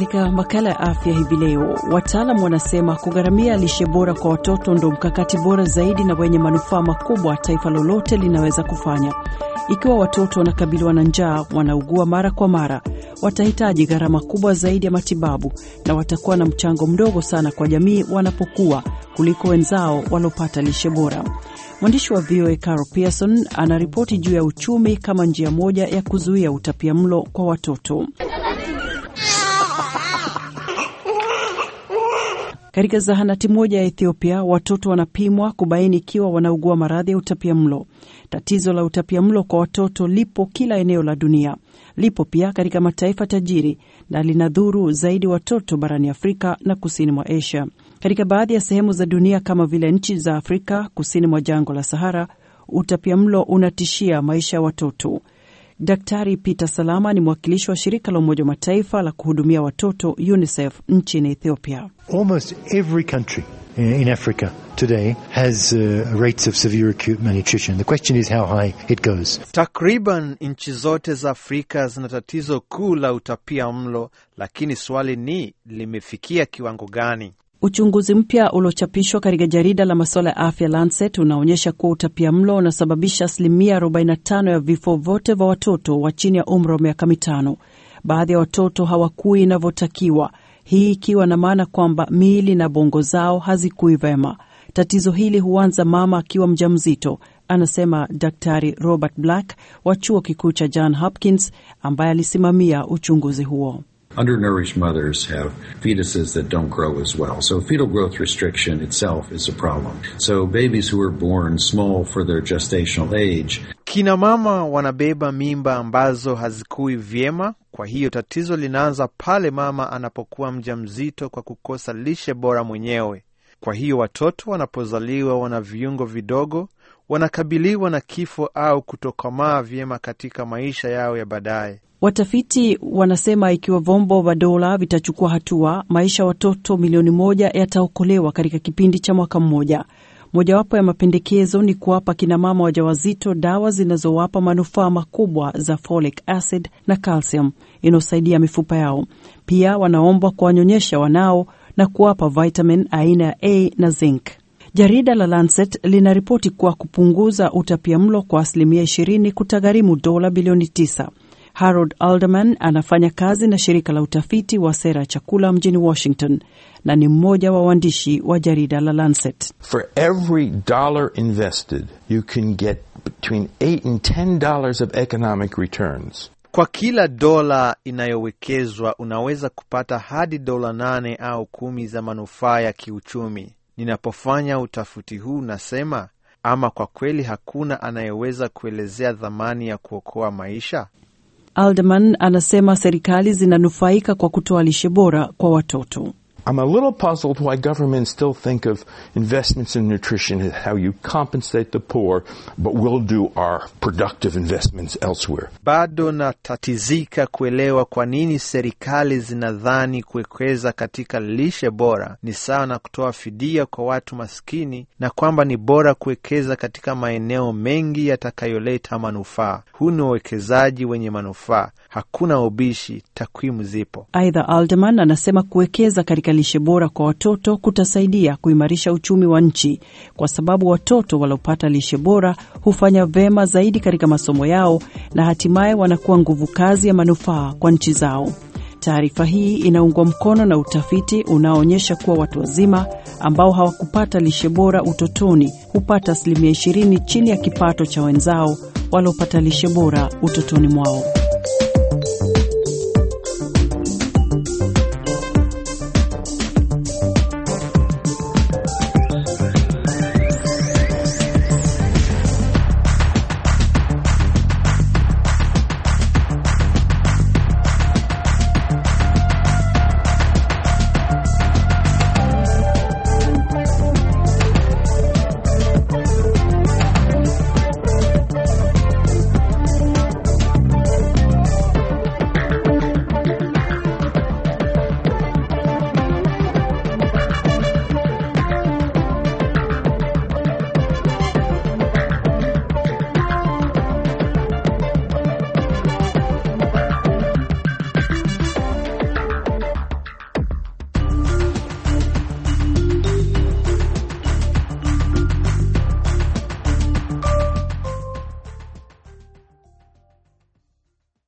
Katika makala ya afya hivi leo, wataalam wanasema kugharamia lishe bora kwa watoto ndo mkakati bora zaidi na wenye manufaa makubwa taifa lolote linaweza kufanya. Ikiwa watoto wanakabiliwa na njaa, wanaugua mara kwa mara, watahitaji gharama kubwa zaidi ya matibabu na watakuwa na mchango mdogo sana kwa jamii wanapokuwa kuliko wenzao walopata lishe bora. Mwandishi wa VOA Carol Pearson anaripoti juu ya uchumi kama njia moja ya kuzuia utapia mlo kwa watoto. Katika zahanati moja ya Ethiopia, watoto wanapimwa kubaini ikiwa wanaugua maradhi ya utapia mlo Tatizo la utapia mlo kwa watoto lipo kila eneo la dunia, lipo pia katika mataifa tajiri na linadhuru zaidi watoto barani Afrika na kusini mwa Asia. Katika baadhi ya sehemu za dunia kama vile nchi za Afrika kusini mwa jangwa la Sahara, utapia mlo unatishia maisha ya watoto. Daktari Peter Salama ni mwakilishi wa shirika la Umoja wa Mataifa la kuhudumia watoto UNICEF nchini Ethiopia. Almost every country eh, in Africa today has uh, rates of severe acute malnutrition. The question is how high it goes. Takriban nchi zote za Afrika zina tatizo kuu la utapia mlo, lakini swali ni limefikia kiwango gani? Uchunguzi mpya uliochapishwa katika jarida la masuala ya afya Lancet unaonyesha kuwa utapia mlo unasababisha asilimia 45 ya vifo vyote vya watoto wa chini ya umri wa miaka mitano. Baadhi ya watoto hawakui inavyotakiwa, hii ikiwa na maana kwamba miili na bongo zao hazikui vema. Tatizo hili huanza mama akiwa mjamzito, anasema Daktari Robert Black wa chuo kikuu cha John Hopkins ambaye alisimamia uchunguzi huo undernourished mothers have fetuses that don't grow as well. So fetal growth restriction itself is a problem. So babies who are born small for their gestational age. Kina mama wanabeba mimba ambazo hazikui vyema. Kwa hiyo tatizo linaanza pale mama anapokuwa mjamzito kwa kukosa lishe bora mwenyewe. Kwa hiyo watoto wanapozaliwa wana viungo vidogo, wanakabiliwa na kifo au kutokomaa vyema katika maisha yao ya baadaye. Watafiti wanasema ikiwa vyombo vya dola vitachukua hatua, maisha ya watoto milioni moja yataokolewa katika kipindi cha mwaka mmoja. Mojawapo ya mapendekezo ni kuwapa kinamama wajawazito dawa zinazowapa manufaa makubwa za folic acid na calcium inayosaidia mifupa yao. Pia wanaombwa kuwanyonyesha wanao na kuwapa vitamin aina ya A na zinc. Jarida la Lancet linaripoti kuwa kupunguza utapiamlo kwa asilimia 20 kutagharimu dola bilioni 9. Harold Alderman anafanya kazi na shirika la utafiti wa sera ya chakula mjini Washington na ni mmoja wa waandishi wa jarida la Lancet. For every dollar invested, you can get between 8 and 10 dollars of economic returns. Kwa kila dola inayowekezwa unaweza kupata hadi dola nane au kumi za manufaa ya kiuchumi. Ninapofanya utafiti huu nasema, ama kwa kweli hakuna anayeweza kuelezea dhamani ya kuokoa maisha. Alderman anasema serikali zinanufaika kwa kutoa lishe bora kwa watoto. I'm a little puzzled why governments still think of investments in nutrition as how you compensate the poor, but we'll do our productive investments elsewhere. Bado natatizika kuelewa kwa nini serikali zinadhani kuwekeza katika lishe bora ni sawa na kutoa fidia kwa watu maskini na kwamba ni bora kuwekeza katika maeneo mengi yatakayoleta manufaa. Huu ni uwekezaji wenye manufaa, hakuna ubishi, takwimu zipo. Aidha, Alderman anasema kuwekeza katika lishe bora kwa watoto kutasaidia kuimarisha uchumi wa nchi, kwa sababu watoto waliopata lishe bora hufanya vema zaidi katika masomo yao na hatimaye wanakuwa nguvu kazi ya manufaa kwa nchi zao. Taarifa hii inaungwa mkono na utafiti unaoonyesha kuwa watu wazima ambao hawakupata lishe bora utotoni hupata asilimia 20 chini ya kipato cha wenzao waliopata lishe bora utotoni mwao.